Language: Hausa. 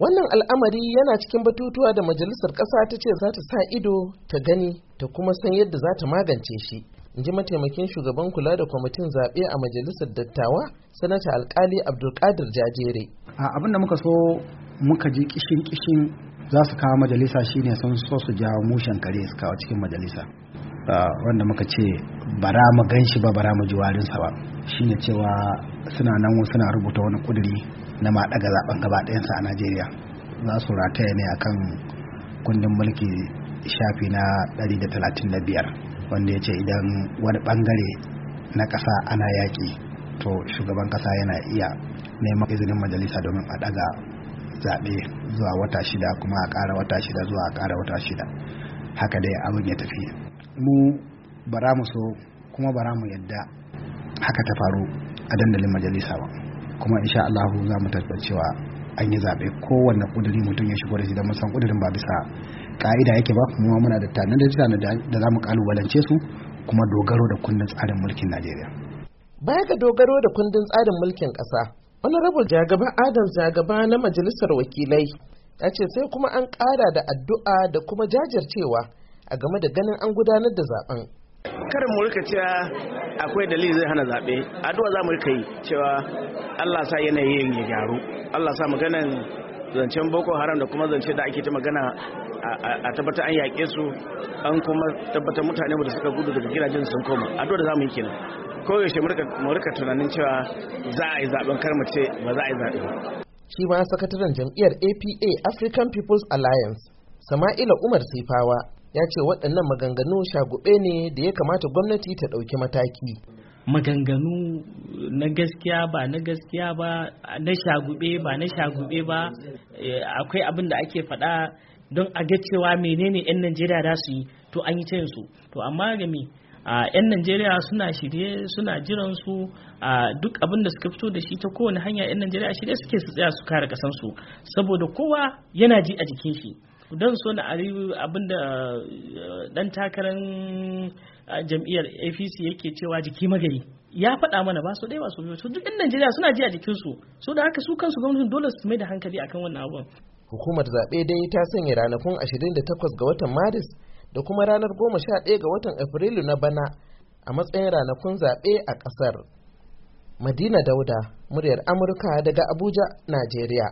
Wannan al'amari yana cikin batutuwa da majalisar ƙasa ta ce za ta sa ido ta gani ta kuma san yadda za ta magance shi. In ji mataimakin shugaban kula da kwamitin zaɓe a majalisar dattawa, sanata alkali Abdulkadir Jajere. Abin da muka so muka ji kishin kishin za su kawo majalisa shine sun so su jawo mushen kare su kawo cikin majalisa. Wanda muka ce bara mu gan shi ba bara mu ji warinsa ba shine cewa suna nan suna rubuta wani kuduri na ma daga zaben gaba ɗayansa a najeriya za su rataya ne akan kundin mulki shafi na 135 wanda ya ce idan wani bangare na ƙasa ana yaƙi to shugaban ƙasa yana iya neman izinin majalisa domin a daga zaɓe zuwa wata shida kuma a ƙara wata shida zuwa a ƙara wata shida haka dai abin ya tafi mu bara mu so kuma bara mu yadda haka ta faru a dandalin majalisa ba kuma insha Allah za mu tabbata cewa an yi zaɓe kowanne ƙuduri mutum ya shigo da shi don san ƙudurin ba bisa ƙa'ida yake ba kuma muna da tanan da za mu ƙalubalance su kuma dogaro da kundin tsarin mulkin Najeriya. Baya ga dogaro da kundin tsarin mulkin ƙasa, Honorable Jagaba Adam Jagaba na Majalisar Wakilai ya ce sai kuma an ƙara da addu'a da kuma jajircewa a game da ganin an gudanar da zaɓen. karin mu rika cewa akwai dalili zai hana zaɓe addu'a za mu rika yi cewa Allah sa yanayin ya gyaru Allah sa maganan zancen boko haram da kuma zance da ake ta magana a tabbata an yaƙe su an kuma tabbatar mutane da suka gudu daga gidajen sun koma addu'a da za mu yi kenan ko yaushe mu rika tunanin cewa za a yi zaɓen kar mu ce ba za a yi zaɓe ba shi ma sakataren jam'iyyar apa african people's alliance sama'ila umar sifawa ya ce waɗannan maganganu shagube ne da ya kamata gwamnati ta ɗauki mataki maganganu na gaskiya ba na gaskiya ba na shagube ba na shagube ba eh, akwai abin da ake faɗa don a ga cewa menene 'yan najeriya za su yi to an yi to amma ga me a 'yan najeriya suna shirye suna jiran su a duk abin da suka fito da shi ta kowane hanya 'yan najeriya shirye suke su tsaya su kare kasansu saboda kowa yana ji a jikin shi don so na abinda dan eh, takarar eh, jam'iyyar apc yake cewa jiki magari ya faɗa mana ba su dai ba su biyu su duk ɗan najeriya suna ji a jikinsu su da haka su kansu gwamnatin dole su mai da hankali akan wannan abun hukumar zaɓe dai ta sanya ranakun 28 ga watan maris da kuma ranar 11 ga watan afrilu na bana a matsayin ranakun zaɓe a ƙasar madina dauda muryar amurka daga abuja najeriya